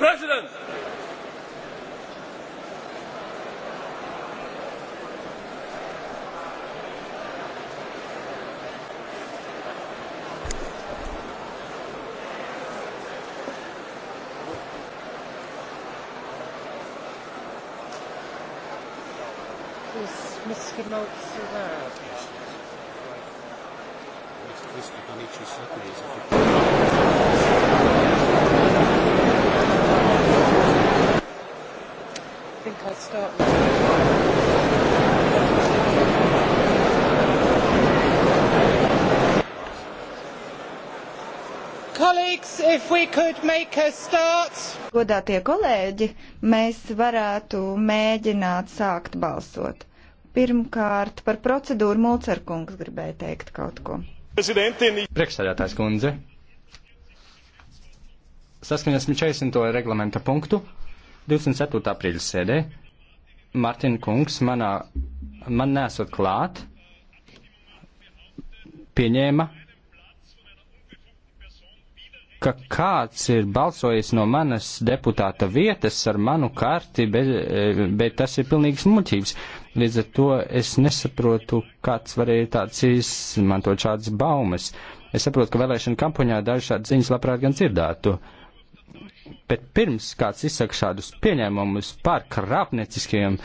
President! Godātie kolēģi, mēs varētu mēģināt sākt balsot. Pirmkārt, par procedūru Mulcerkungs gribēja teikt kaut ko. Priekšsēdētājs kundze, saskaņas 40. reglamenta punktu 24. aprīļa sēdē Martin Kungs manā, man nesot klāt, pieņēma ka kāds ir balsojis no manas deputāta vietas ar manu karti, bet, eh, bet tas ir pilnīgs muļķības. Līdz ar to es nesaprotu, kāds varēja tāds izmantot šādas baumas. Es saprotu, ka vēlēšana kampaņā daži šādas ziņas labprāt gan dzirdētu. Bet pirms kāds izsaka šādus pieņēmumus par krāpnieciskajiem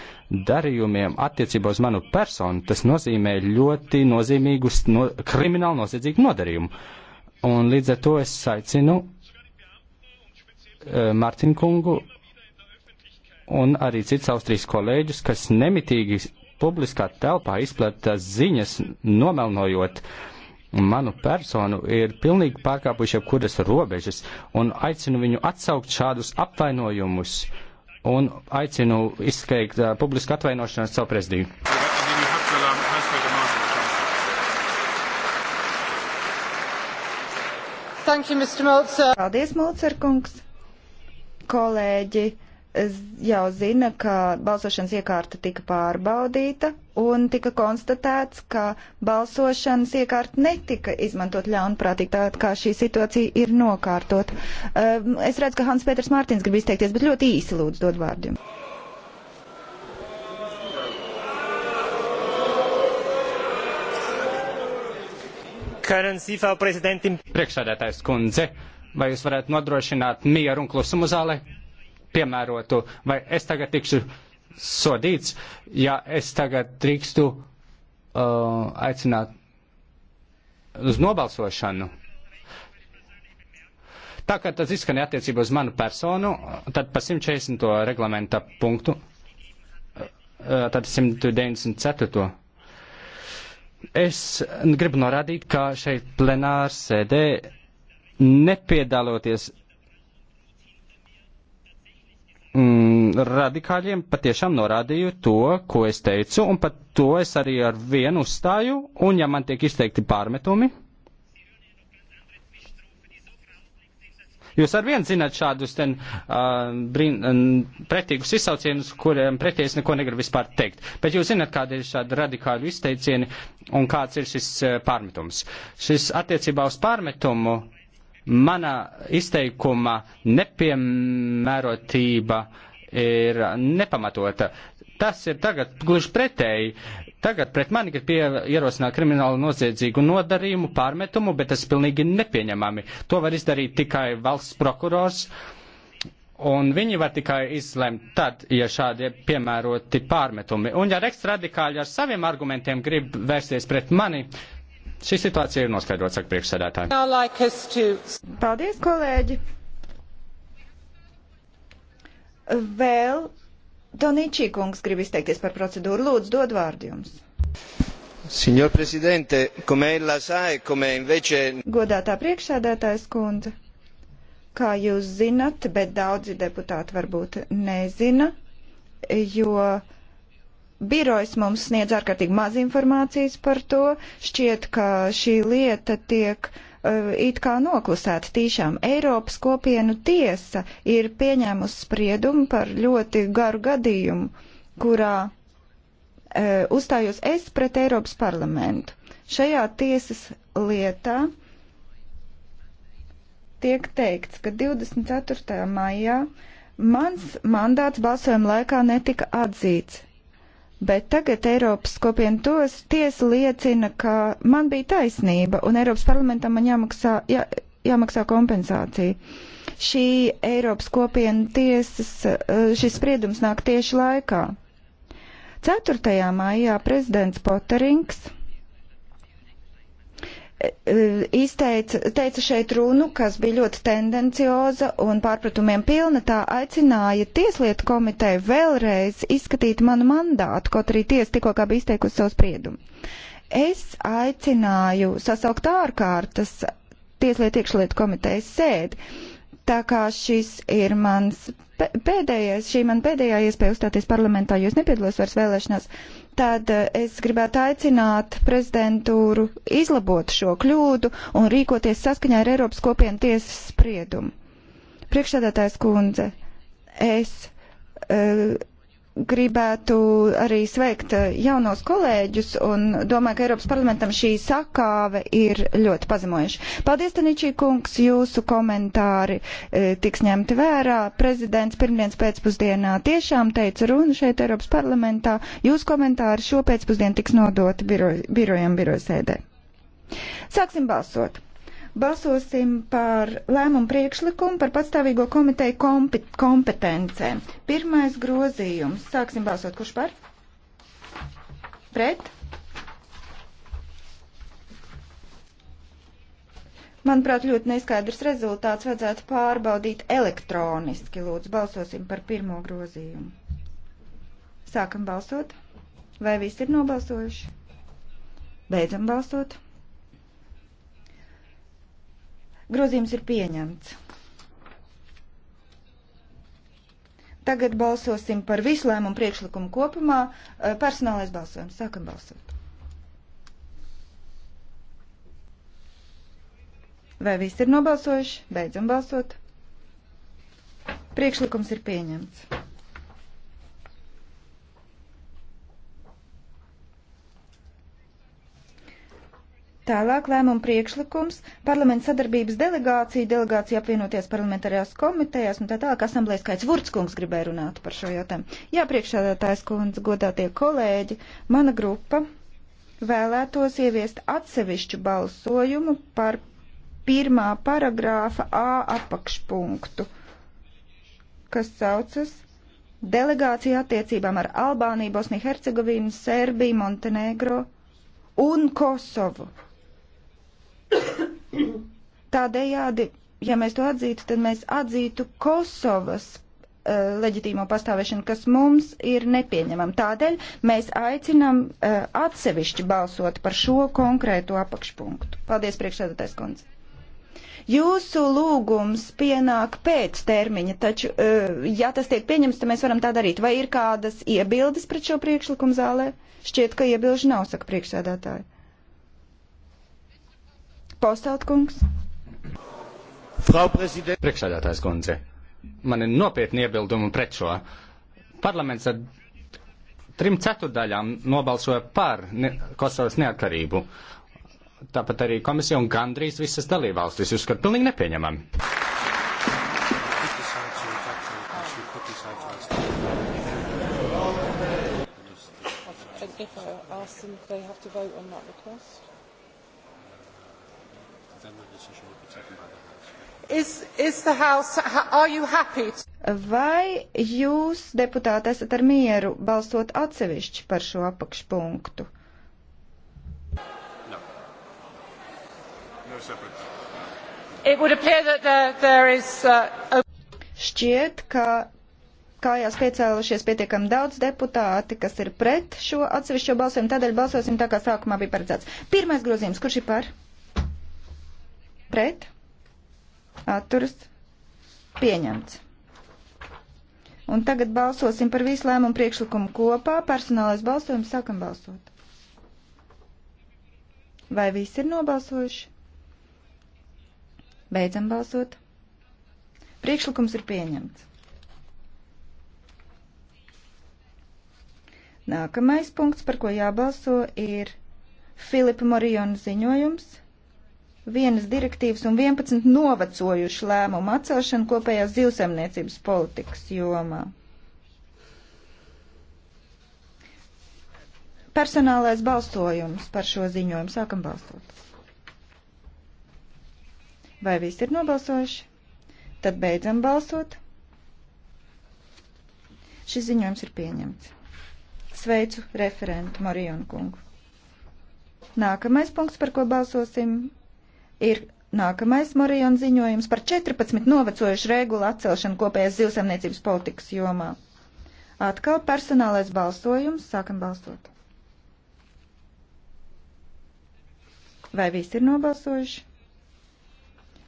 darījumiem attiecībā uz manu personu, tas nozīmē ļoti nozīmīgu no, kriminālu noziedzīgu nodarījumu. Uh, Un līdz ar to es aicinu uh, eh, Mārtiņu kungu un arī cits austrijas kolēģus, kas nemitīgi publiskā telpā izplata ziņas, nomelnojot manu personu, ir pilnīgi pārkāpuši jebkuras robežas, un aicinu viņu atsaukt šādus apvainojumus, un aicinu izskaikt uh, eh, publisku atvainošanos savu prezidiju. Thank you, Mr. Meltzer. Paldies, Mulcerkungs. Kolēģi jau zina, ka balsošanas iekārta tika pārbaudīta un tika konstatēts, ka balsošanas iekārta netika izmantot ļaunprātīgi, tā kā šī situācija ir nokārtot. Ehm, es redzu, ka Hans Pēters Mārtiņš grib izteikties, bet ļoti īsi lūdzu dod vārdu. Priekšsēdētājs kundze, vai jūs varētu nodrošināt mieru un klusumu zālē? Piemērotu, vai es tagad tikšu sodīts, ja es tagad drīkstu uh, aicināt uz nobalsošanu? Tā kā tas izskanēja attiecībā uz manu personu, tad pa 140. reglamenta punktu, uh, tad 194. Es gribu norādīt, ka šeit plenārs sēdē nepiedaloties mm, radikāļiem patiešām norādīju to, ko es teicu, un pat to es arī ar vienu uzstāju, un ja man tiek izteikti pārmetumi, Jūs ar vienu zināt šādus ten uh, brin, uh, pretīgus izsaucienus, kuriem pretējs neko negrib vispār teikt. Bet jūs zināt, kāda ir šāda radikāla izteicieni un kāds ir šis uh, pārmetums. Šis attiecībā uz pārmetumu mana izteikuma nepiemērotība ir nepamatota. Tas ir tagad gluži pretēji. Tagad pret mani ir pie, ierosināt kriminālu noziedzīgu nodarījumu, pārmetumu, bet tas ir pilnīgi nepieņemami. To var izdarīt tikai valsts prokurors. Un viņi var tikai izlemt tad, ja šādi piemēroti pārmetumi. Un ja ekstradikāļi ar saviem argumentiem grib vērsties pret mani, šī situācija ir noskaidrota, saka priekšsēdētāji. Paldies, kolēģi! Vēl Donīčī kungs grib izteikties par procedūru. Lūdzu, dod vārdu jums. Signor Presidente, come ella sa e come invece... Godātā priekšsēdētājs kundze, kā jūs zinat, bet daudzi deputāti varbūt nezina, jo birojs mums sniedz ārkārtīgi maz informācijas par to. Šķiet, ka šī lieta tiek uh, Eh, it kā noklusēta tīšām. Eiropas kopienu tiesa ir pieņēmusi spriedumu par ļoti garu gadījumu, kurā eh, uzstājos es pret Eiropas parlamentu. Šajā tiesas lietā tiek teikts, ka 24. maijā mans mandāts balsojuma laikā netika atzīts. Bet tagad Eiropas kopiena tos tiesa liecina, ka man bija taisnība un Eiropas parlamentam man jāmaksā, jā, jāmaksā kompensācija. Šī Eiropas kopiena tiesas, eh, šis spriedums nāk tieši laikā. 4. maijā prezidents Poterings izteica teica šeit runu, kas bija ļoti tendencioza un pārpratumiem pilna, tā aicināja Tieslietu komiteju vēlreiz izskatīt manu mandātu, kaut arī tiesa tikko kā bija izteikusi savu spriedumu. Es aicināju sasaukt ārkārtas Tieslietu iekšlietu komitejas sēdi Tā kā šis ir mans pēdējais, šī man pēdējā iespēja uzstāties parlamentā, jo es nepiedalos vairs vēlēšanās, tad eh, es gribētu aicināt prezidentūru izlabot šo kļūdu un rīkoties saskaņā ar Eiropas kopienu tiesas spriedumu. Priekšsēdētājs kundze, es. Uh, gribētu arī sveikt eh, jaunos kolēģus un domāju, ka Eiropas parlamentam šī sakāve ir ļoti pazemojuša. Paldies, Taničī kungs, jūsu komentāri e, tiks ņemti vērā. Prezidents pirmdienas pēcpusdienā tiešām teica runu šeit Eiropas parlamentā. Jūsu komentāri šo pēcpusdienu tiks nodoti biro, birojam birojasēdē. Sāksim balsot. Balsosim par lēmumu priekšlikumu par patstāvīgo komiteju kompetencēm. Pirmais grozījums. Sāksim balsot. Kurš par? Pret? Manuprāt, ļoti neskaidrs rezultāts vajadzētu pārbaudīt elektroniski. Lūdzu, balsosim par pirmo grozījumu. Sākam balsot. Vai visi ir nobalsojuši? Beidzam balsot. Grozījums ir pieņemts. Tagad balsosim par visu lēmumu priekšlikumu kopumā. Eh, personālais balsojums. Sākam balsot. Vai viss ir nobalsojuši? Beidzam balsot. Priekšlikums ir pieņemts. Tālāk lēmuma priekšlikums, parlamenta sadarbības delegācija, delegācija apvienoties parlamentārajās komitejās un tā tālāk asamblējas skaits. Vurtskungs gribēja runāt par šo jautājumu. Jā, priekšsēdētājs kundze, godātie kolēģi, mana grupa vēlētos ieviest atsevišķu balsojumu par pirmā paragrāfa A apakšpunktu, kas saucas delegācija attiecībām ar Albāniju, Bosniju, Hercegovinu, Serbiju, Montenegro un Kosovu. Tādējādi, ja mēs to atzītu, tad mēs atzītu Kosovas uh, leģitīmo pastāvēšanu, kas mums ir nepieņemama. Tādēļ mēs aicinam uh, atsevišķi balsot par šo konkrēto apakšpunktu. Paldies, priekšsēdētājs kundze. Jūsu lūgums pienāk pēc termiņa, taču, eh, ja tas tiek pieņemts, tad mēs varam tā darīt. Vai ir kādas iebildes pret šo priekšlikumu zālē? Šķiet, ka iebilžu nav, saka priekšsēdētāji. Postēltkungs. Frau Prezident. Priekšsēdētājs kundze, man ir nopietni iebildumi pret šo. Parlaments ar trim ceturdaļām nobalsoja par ne Kosovas neatkarību. Tāpat arī komisija un gandrīz visas dalībvalstis uzskata pilnīgi nepieņemami. If I ask them, they have to vote on that request then the decision will be taken by the House. Is, is the house, are you happy? Vai jūs, deputāti, esat ar mieru balsot atsevišķi par šo apakšpunktu? No. No uh, a... Šķiet, ka kājās piecēlušies pietiekami daudz deputāti, kas ir pret šo atsevišķo balsojumu, tādēļ balsosim tā, kā sākumā bija paredzēts. Pirmais grozījums, kurš ir par? pret, atturas, pieņemts. Un tagad balsosim par visu lēmumu priekšlikumu kopā. Personālais balsojums sākam balsot. Vai visi ir nobalsojuši? Beidzam balsot. Priekšlikums ir pieņemts. Nākamais punkts, par ko jābalso, ir Filipa Morijona ziņojums vienas direktīvas un 11 novecojušu lēmumu atcelšanu kopējās zivsaimniecības politikas jomā. Personālais balsojums par šo ziņojumu. Sākam balsot. Vai visi ir nobalsojuši? Tad beidzam balsot. Šis ziņojums ir pieņemts. Sveicu referentu Marijonu kungu. Nākamais punkts, par ko balsosim, ir nākamais Morijona ziņojums par 14 novecojušu regulu atcelšanu kopējās zivsaimniecības politikas jomā. Atkal personālais balsojums. Sākam balsot. Vai visi ir nobalsojuši?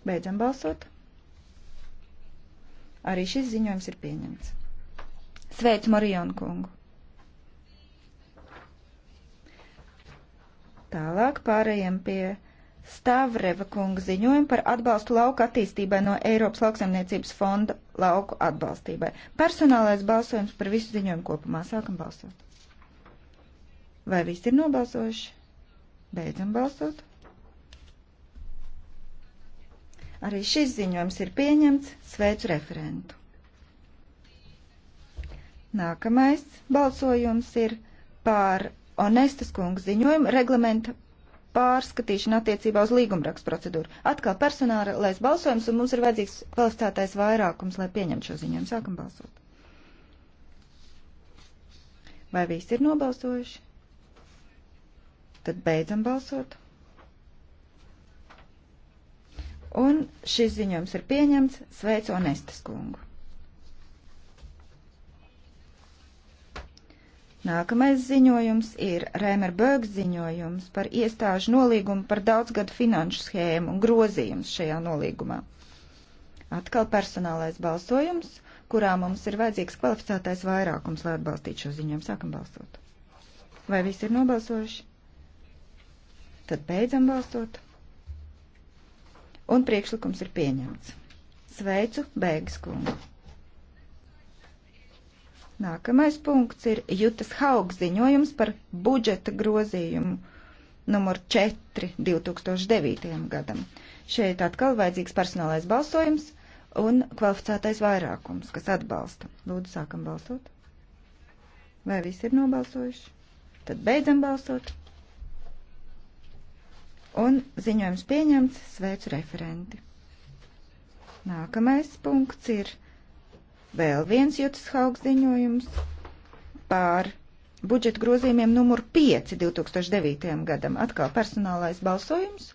Beidzam balsot. Arī šis ziņojums ir pieņemts. Sveicu Marijonu kungu. Tālāk pārējiem pie Stavreva kunga ziņojumu par atbalstu lauku attīstībai no Eiropas lauksaimniecības fonda lauku atbalstībai. Personālais balsojums par visu ziņojumu kopumā. Sākam balsot. Vai visi ir nobalsojuši? Beidzam balsot. Arī šis ziņojums ir pieņemts. Sveicu referentu. Nākamais balsojums ir par Onestas kunga ziņojumu reglamenta pārskatīšana attiecībā uz līgumrakstu procedūru. Atkal personālais balsojums, un mums ir vajadzīgs kvalificētais vairākums, lai pieņemtu šo ziņojumu. Sākam balsot. Vai visi ir nobalsojuši? Tad beidzam balsot. Un šis ziņojums ir pieņemts. Sveicu Onestas kungu! Nākamais ziņojums ir Rēmer Bērgs ziņojums par iestāžu nolīgumu par daudzgadu finanšu schēmu un grozījums šajā nolīgumā. Atkal personālais balsojums, kurā mums ir vajadzīgs kvalificētais vairākums, lai atbalstītu šo ziņojumu. Sākam balsot. Vai visi ir nobalsojuši? Tad beidzam balsot. Un priekšlikums ir pieņemts. Sveicu Bēgas kungu! Nākamais punkts ir Jutas Haug ziņojums par budžeta grozījumu numur 4 2009. gadam. Šeit atkal vajadzīgs personālais balsojums un kvalificētais vairākums, kas atbalsta. Lūdzu, sākam balsot. Vai visi ir nobalsojuši? Tad beidzam balsot. Un ziņojums pieņemts, sveicu referenti. Nākamais punkts ir Vēl viens Jūtas Haugs ziņojums pār budžeta grozījumiem numur 5 2009. gadam. Atkal personālais balsojums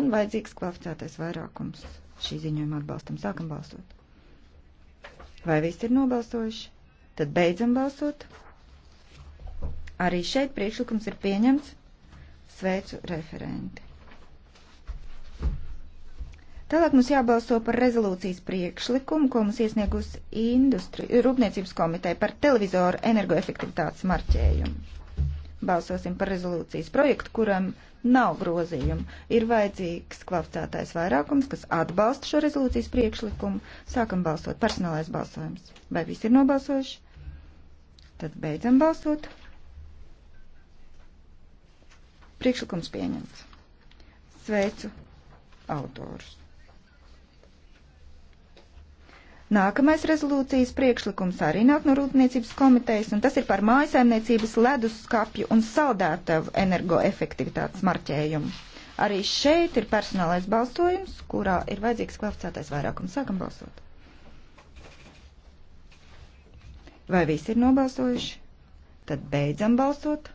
un vajadzīgs kvalificētais vairākums šī ziņojuma atbalstam. Sākam balsot. Vai visi ir nobalsojuši? Tad beidzam balsot. Arī šeit priekšlikums ir pieņemts. Sveicu referenti. Tālāk mums jābalso par rezolūcijas priekšlikumu, ko mums iesniegus Rūpniecības komiteja par televizoru energoefektivitātes marķējumu. Balsosim par rezolūcijas projektu, kuram nav grozījumu. Ir vajadzīgs kvalificētais vairākums, kas atbalsta šo rezolūcijas priekšlikumu. Sākam balsot. Personālais balsojums. Vai visi ir nobalsojuši? Tad beidzam balsot. Priekšlikums pieņemts. Sveicu autorus. Nākamais rezolūcijas priekšlikums arī nāk no Rūpniecības komitejas, un tas ir par mājasaimniecības leduskapju un saldētavu energoefektivitātes marķējumu. Arī šeit ir personālais balsojums, kurā ir vajadzīgs kvalificētais vairākums. Sākam balsot. Vai visi ir nobalsojuši? Tad beidzam balsot.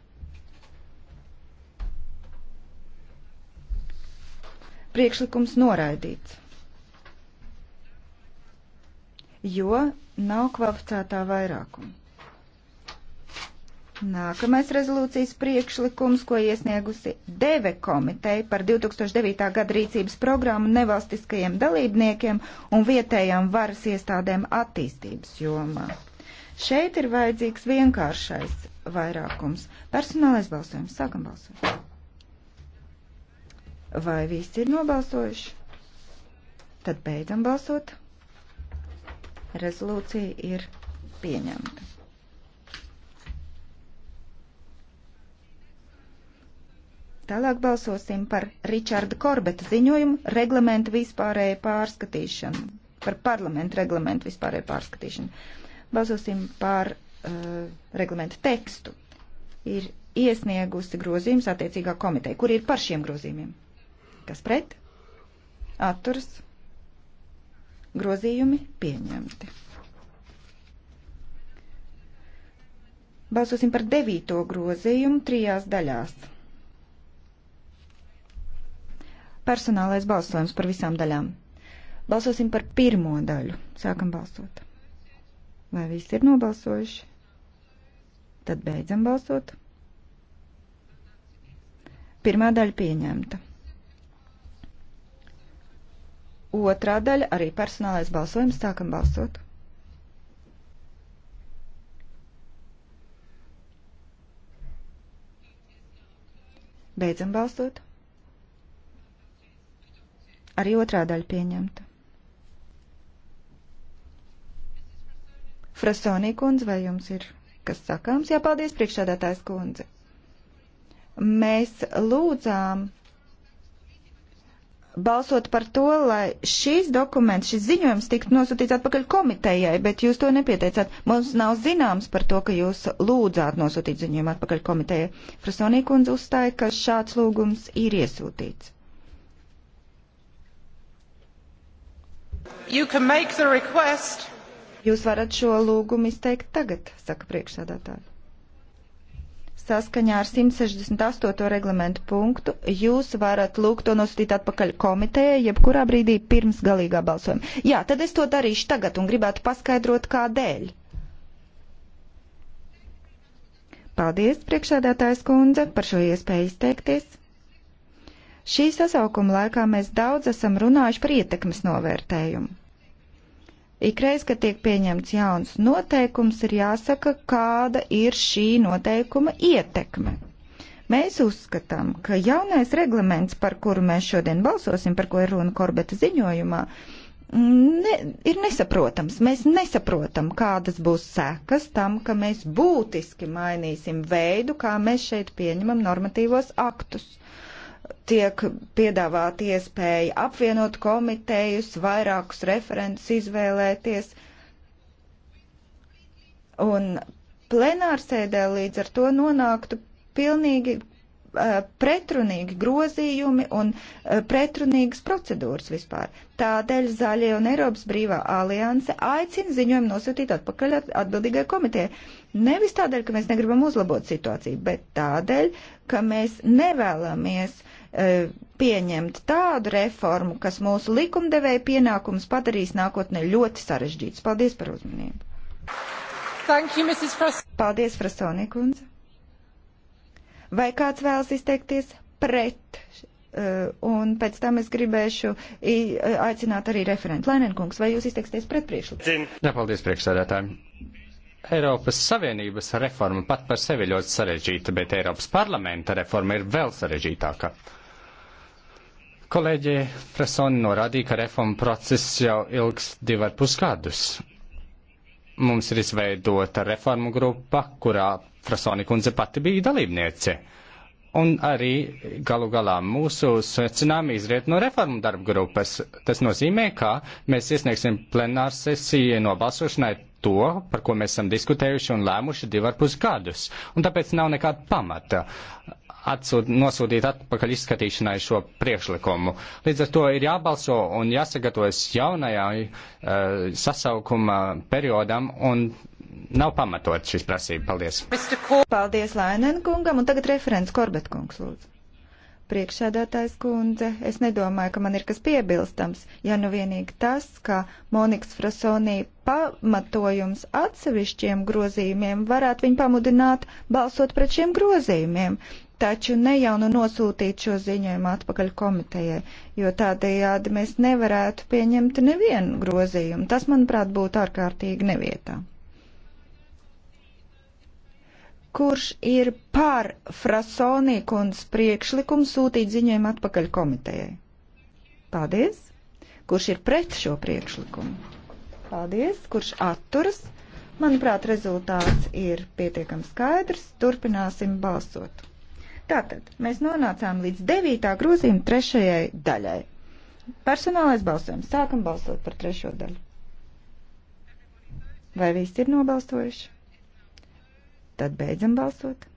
Priekšlikums noraidīts jo nav kvalificētā vairākuma. Nākamais rezolūcijas priekšlikums, ko iesniegusi Deve komiteja par 2009. gada rīcības programmu nevalstiskajiem dalībniekiem un vietējām varas iestādēm attīstības jomā. Šeit ir vajadzīgs vienkāršais vairākums. Personālais balsojums. Sākam balsot. Vai visi ir nobalsojuši? Tad beidzam balsot. Rezolūcija ir pieņemta. Tālāk balsosim par Ričarda Korbeta ziņojumu reglamentu vispārēju pārskatīšanu, par parlamentu reglamentu vispārēju pārskatīšanu. Balsosim par uh, reglamentu tekstu. Ir iesniegusi grozījums attiecīgā komiteja, kur ir par šiem grozījumiem. Kas pret? Atturs. Grozījumi pieņemti. Balsosim par devīto grozījumu trijās daļās. Personālais balsojums par visām daļām. Balsosim par pirmo daļu. Sākam balsot. Vai visi ir nobalsojuši? Tad beidzam balsot. Pirmā daļa pieņemta. Otrā daļa arī personālais balsojums. Sākam balsot. Beidzam balsot. Arī otrā daļa pieņemta. Frasonī kundze, vai jums ir kas sakāms? Jā, paldies priekšādātājs kundze. Mēs lūdzām balsot par to, lai šīs dokuments, šis ziņojums tiktu nosūtīts atpakaļ komitejai, bet jūs to nepieteicāt. Mums nav zināms par to, ka jūs lūdzāt nosūtīt ziņojumu atpakaļ komitejai. Frasonī kundze uzstāja, ka šāds lūgums ir iesūtīts. Jūs varat šo lūgumu izteikt tagad, saka priekšsādātāji. Saskaņā ar 168. reglamentu punktu jūs varat lūgt to nosūtīt atpakaļ komitejai, jebkurā brīdī pirms galīgā balsojuma. Jā, tad es to darīšu tagad un gribētu paskaidrot, kādēļ. Paldies, priekšādātājs kundze, par šo iespēju izteikties. Šī sasaukuma laikā mēs daudz esam runājuši par ietekmes novērtējumu. Ikreiz, kad tiek pieņemts jauns noteikums, ir jāsaka, kāda ir šī noteikuma ietekme. Mēs uzskatām, ka jaunais reglaments, par kuru mēs šodien balsosim, par ko ir runa Korbeta ziņojumā, ne, ir nesaprotams. Mēs nesaprotam, kādas būs sekas tam, ka mēs būtiski mainīsim veidu, kā mēs šeit pieņemam normatīvos aktus tiek piedāvāta iespēja apvienot komitejus, vairākus referentus izvēlēties. Un plenārsēdē līdz ar to nonāktu pilnīgi Eh, pretrunīgi grozījumi un eh, pretrunīgas procedūras vispār. Tādēļ Zaļie un Eiropas brīvā alianse aicina ziņojumu nosūtīt atpakaļ atbildīgai komitē. Nevis tādēļ, ka mēs negribam uzlabot situāciju, bet tādēļ, ka mēs nevēlamies e, pieņemt tādu reformu, kas mūsu likumdevēja pienākums padarīs nākotnē ļoti sarežģīts. Paldies par uzmanību! Thank you, Mrs. Pras Paldies, Frasonī kundze! Vai kāds vēlas izteikties pret? Uh, un pēc tam es gribēšu uh, aicināt arī referentu Lainenkungs, vai jūs izteiksieties pret priekšlikumu? Jā, paldies priekšsēdētājiem. Eiropas Savienības reforma pat par sevi ļoti sarežģīta, bet Eiropas parlamenta reforma ir vēl sarežģītāka. Kolēģi Fresoni norādīja, ka reforma process jau ilgs divi ar pus gadus, mums ir izveidota reformu grupa, kurā Frasoni kundze pati bija dalībniece. Un arī galu galā mūsu secinājumi izriet no reformu darba grupas. Tas nozīmē, ka mēs iesniegsim plenāru sesiju nobalsošanai to, par ko mēs esam diskutējuši un lēmuši divarpus gadus. Un tāpēc nav nekāda pamata atsūt, nosūtīt atpakaļ izskatīšanai šo priekšlikumu. Līdz ar to ir jābalso un jāsagatavojas jaunajai uh, sasaukuma periodam un nav pamatot šis prasība. Paldies. Paldies Lainen kungam un tagad referents Korbet kungs lūdzu. Priekšsēdētājs kundze, es nedomāju, ka man ir kas piebilstams, ja nu vienīgi tas, ka Monikas Frasonī pamatojums atsevišķiem grozījumiem varētu viņu pamudināt balsot pret šiem grozījumiem taču ne jau nu nosūtīt šo ziņojumu atpakaļ komitejai, jo tādējādi mēs nevarētu pieņemt nevienu grozījumu. Tas, manuprāt, būtu ārkārtīgi nevietā. Kurš ir par Frasonī kundzes priekšlikumu sūtīt ziņojumu atpakaļ komitejai? Paldies! Kurš ir pret šo priekšlikumu? Paldies! Kurš atturas? Manuprāt, rezultāts ir pietiekami skaidrs. Turpināsim balsot. Tātad mēs nonācām līdz 9. grozījuma trešajai daļai. Personālais balsojums. Sākam balsot par trešo daļu. Vai visi ir nobalstojuši? Tad beidzam balsot.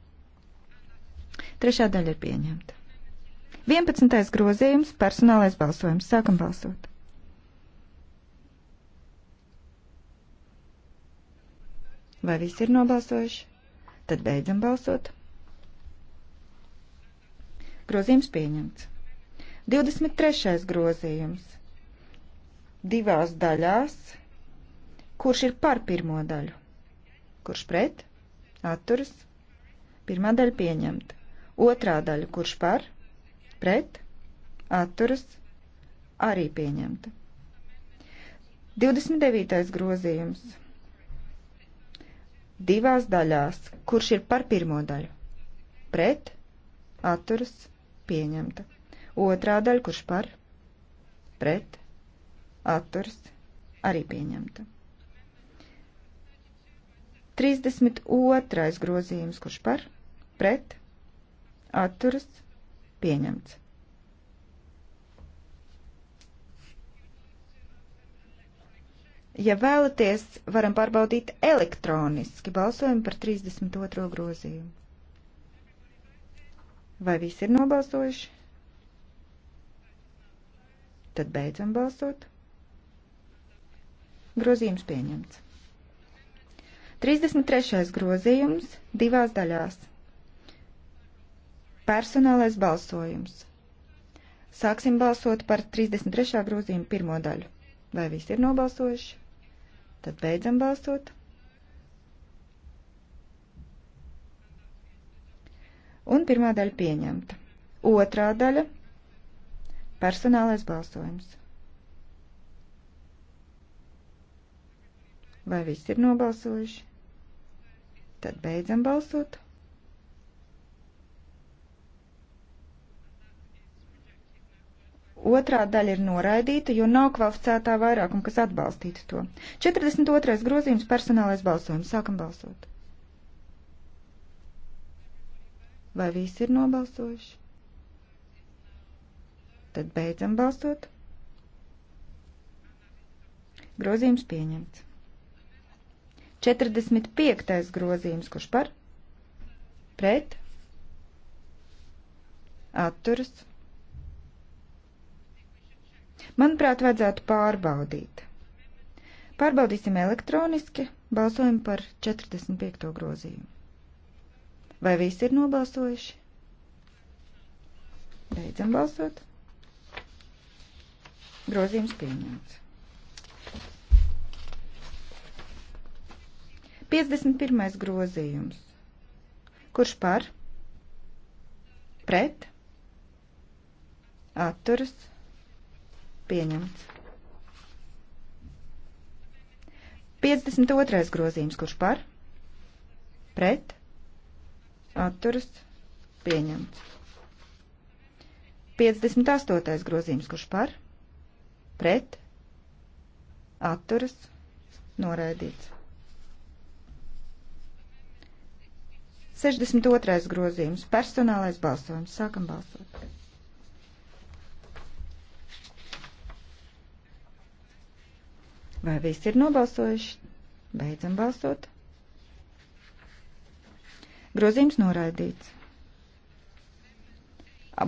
Trešā daļa ir pieņemta. 11. grozījums - personālais balsojums. Sākam balsot. Vai visi ir nobalsojuši? Tad beidzam balsot. Grozījums pieņemts. 23. grozījums. Divās daļās. Kurš ir par pirmo daļu? Kurš pret? Atturas. Pirmā daļa pieņemta. Otrā daļa, kurš par? Pret? Atturas. Arī pieņemta. 29. grozījums. Divās daļās, kurš ir par pirmo daļu? Pret? Atturas pieņemta. Otrā daļa, kurš par, pret, atturs, arī pieņemta. 32. grozījums, kurš par, pret, atturas, pieņemts. Ja vēlaties, varam pārbaudīt elektroniski balsojumu par 32. grozījumu. Vai visi ir nobalsojuši? Tad beidzam balsot. Grozījums pieņemts. 33. grozījums divās daļās. Personālais balsojums. Sāksim balsot par 33. grozījumu pirmo daļu. Vai visi ir nobalsojuši? Tad beidzam balsot. Un pirmā daļa pieņemta. Otrā daļa - personālais balsojums. Vai viss ir nobalsojuši? Tad beidzam balsot. Otrā daļa ir noraidīta, jo nav kvalificētā vairākuma, kas atbalstītu to. 42. grozījums personālais balsojums. Sākam balsot. Vai visi ir nobalsojuši? Tad beidzam balsot. Grozījums pieņemts. 45. grozījums, kurš par? Pret? Atturas? Manuprāt, vajadzētu pārbaudīt. Pārbaudīsim elektroniski, balsojam par 45. grozījumu. Vai visi ir nobalsojuši? Beidzam balsot. Grozījums pieņemts. 51. grozījums. Kurš par? Pret? Atturas? Pieņemts. 52. grozījums. Kurš par? Pret? atturas pieņemts. 58. grozījums, kurš par, pret, atturas noraidīts. 62. grozījums, personālais balsojums, sākam balsot. Vai visi ir nobalsojuši? Beidzam balsot. Grozījums noraidīts.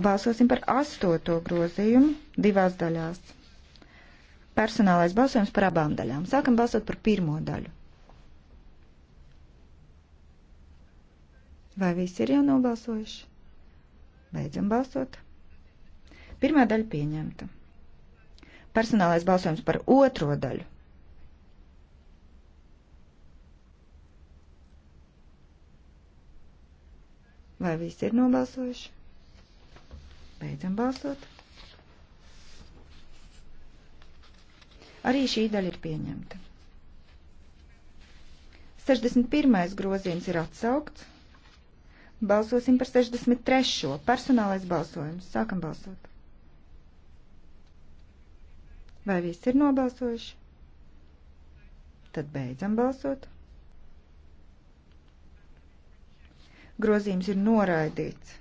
Balsosim par astoto grozījumu divās daļās. Personālais balsojums par abām daļām. Sākam balsot par pirmo daļu. Vai visi ir jau nobalsojuši? Beidzam balsot. Pirmā daļa pieņemta. Personālais balsojums par otro daļu. Vai visi ir nobalsojuši? Beidzam balsot. Arī šī daļa ir pieņemta. 61. grozījums ir atsaukts. Balsosim par 63. personālais balsojums. Sākam balsot. Vai visi ir nobalsojuši? Tad beidzam balsot. Grozījums ir noraidīts.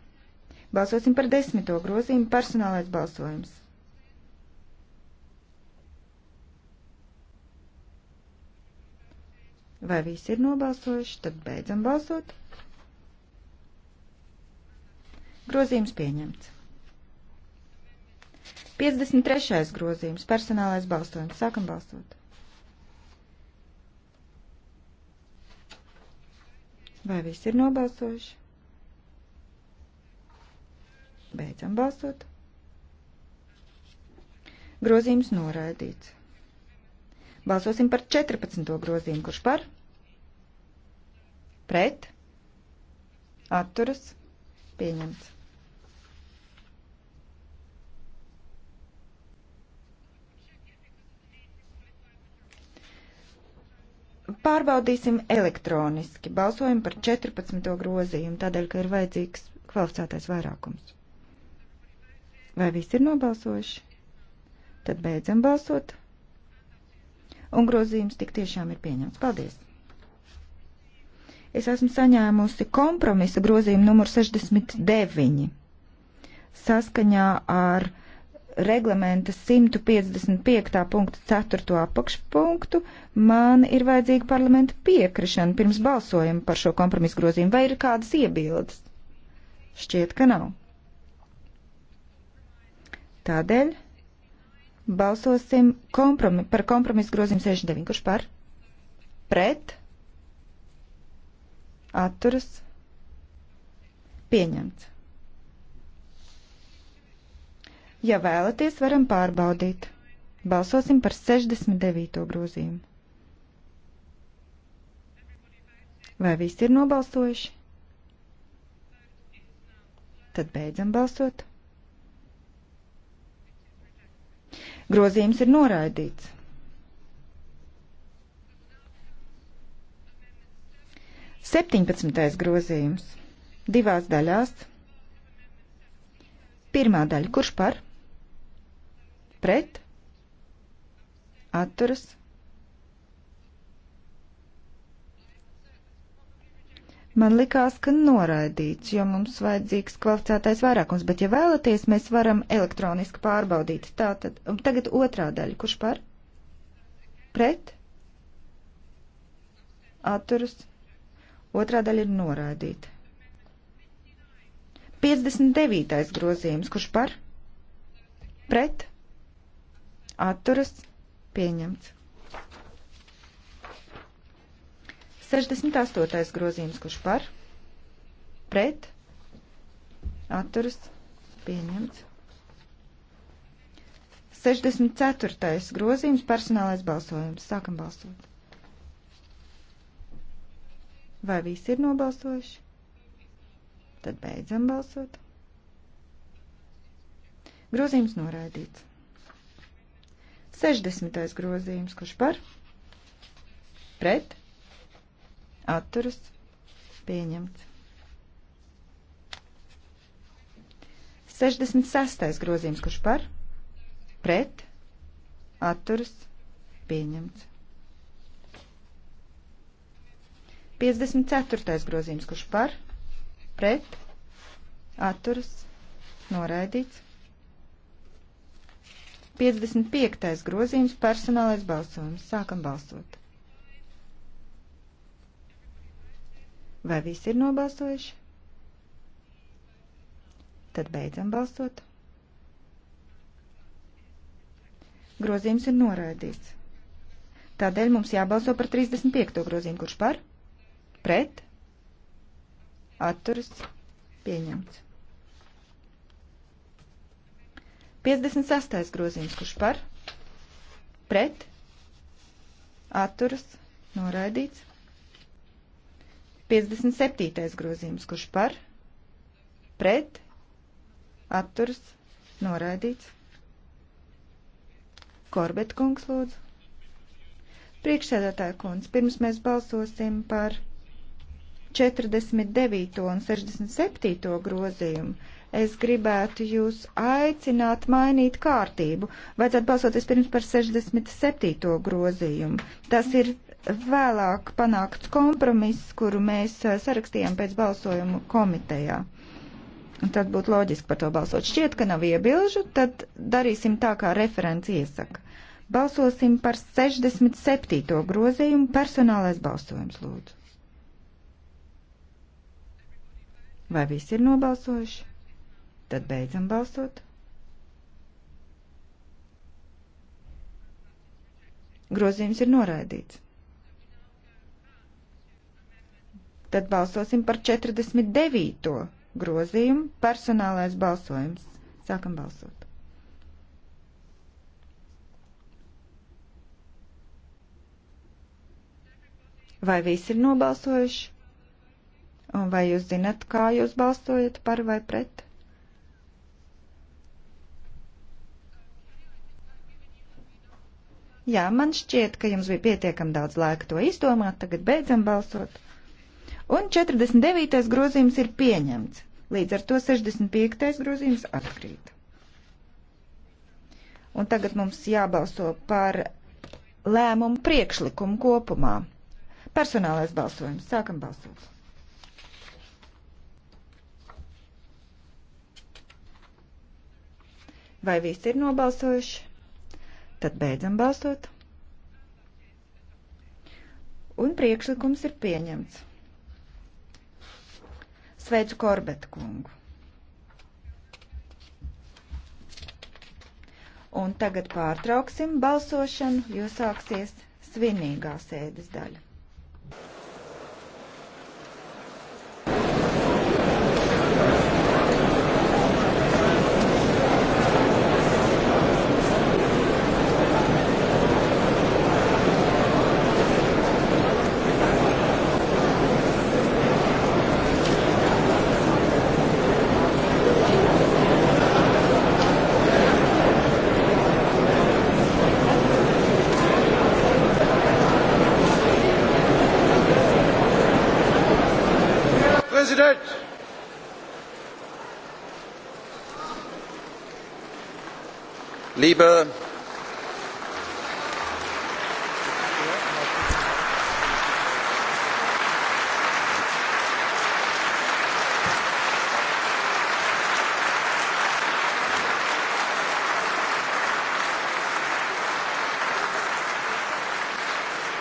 Balsosim par desmito grozījumu personālais balsojums. Vai visi ir nobalsojuši, tad beidzam balsot. Grozījums pieņemts. 53. grozījums - personālais balsojums. Sākam balsot. Vai visi ir nobalsojuši? Beidzam balsot. Grozījums noraidīts. Balsosim par 14. grozījumu. Kurš par? Pret? Atturas? Pieņemts. Pārbaudīsim elektroniski. Balsojam par 14. grozījumu, tādēļ, ka ir vajadzīgs kvalificētais vairākums. Vai visi ir nobalsojuši? Tad beidzam balsot. Un grozījums tik tiešām ir pieņemts. Paldies! Es esmu saņēmusi kompromisa grozījumu numur 69 saskaņā ar reglamenta 155.4. apakšpunktu, man ir vajadzīga parlamenta piekrišana pirms balsojuma par šo kompromisu grozījumu, vai ir kādas iebildes? Šķiet, ka nav. Tādēļ balsosim kompromi par kompromisu grozījumu 69. Kurš par? Pret? Atturas? Pieņemts. Ja vēlaties, varam pārbaudīt. Balsosim par 69. grozījumu. Vai visi ir nobalsojuši? Tad beidzam balsot. Grozījums ir noraidīts. Septiņpadsmitais grozījums. Divās daļās. Pirmā daļa. Kurš par? pret, atturas. Man likās, ka noraidīts, jo mums vajadzīgs kvalificētais vairākums, bet ja vēlaties, mēs varam elektroniski pārbaudīt. Tātad, un tagad otrā daļa, kurš par? Pret? Atturas? Otrā daļa ir noraidīta. 59. grozījums, kurš par? Pret? atturas pieņemts. 68. grozījums, kurš par, pret, atturas, pieņemts. 64. grozījums, personālais balsojums. Sākam balsot. Vai visi ir nobalsojuši? Tad beidzam balsot. Grozījums noraidīts. 60. grozījums, kurš par, pret, atturas, pieņemts. 66. grozījums, kurš par, pret, atturas, pieņemts. 54. grozījums, kurš par, pret, atturas, noraidīts. 55. grozījums personālais balsojums. Sākam balsot. Vai visi ir nobalsojuši? Tad beidzam balsot. Grozījums ir noraidīts. Tādēļ mums jābalso par 35. grozījumu, kurš par, pret, atturas, pieņemts. 56. grozījums, kurš par, pret, atturas, noraidīts. 57. grozījums, kurš par, pret, atturas, noraidīts. Korbet kungs lūdzu. Priekšsēdētāja kungs, pirms mēs balsosim par 49. un 67. grozījumu, Es gribētu jūs aicināt mainīt kārtību. Vajadzētu balsot vispirms par 67. grozījumu. Tas ir vēlāk panākts kompromiss, kuru mēs eh, sarakstījām pēc balsojumu komitejā. Un tad būtu loģiski par to balsot. Šķiet, ka nav iebilžu, tad darīsim tā, kā referents iesaka. Balsosim par 67. grozījumu personālais balsojums, lūdzu. Vai visi ir nobalsojuši? Tad beidzam balsot. Grozījums ir noraidīts. Tad balsosim par 49. grozījumu personālais balsojums. Sākam balsot. Vai visi ir nobalsojuši? Un vai jūs zinat, kā jūs balsojat par vai pret? Jā, man šķiet, ka jums bija pietiekami daudz laika to izdomāt, tagad beidzam balsot. Un 49. grozījums ir pieņemts, līdz ar to 65. grozījums atkrīt. Un tagad mums jābalso par lēmumu priekšlikumu kopumā. Personālais balsojums. Sākam balsot. Vai visi ir nobalsojuši? Tad beidzam balsot. Un priekšlikums ir pieņemts. Sveicu Korbeta kungu. Un tagad pārtrauksim balsošanu, jo sāksies svinīgā sēdes daļa. Liebe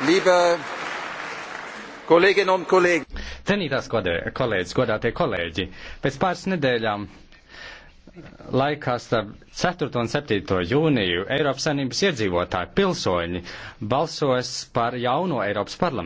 Liebe Kolleginnen un Kollegen! Cenītās kolēģis, godātie kolēģi, pēc pāris nedēļām laikā starp 4. un 7. jūniju Eiropas Savienības iedzīvotāji, pilsoņi balsos par jauno Eiropas parlamentu.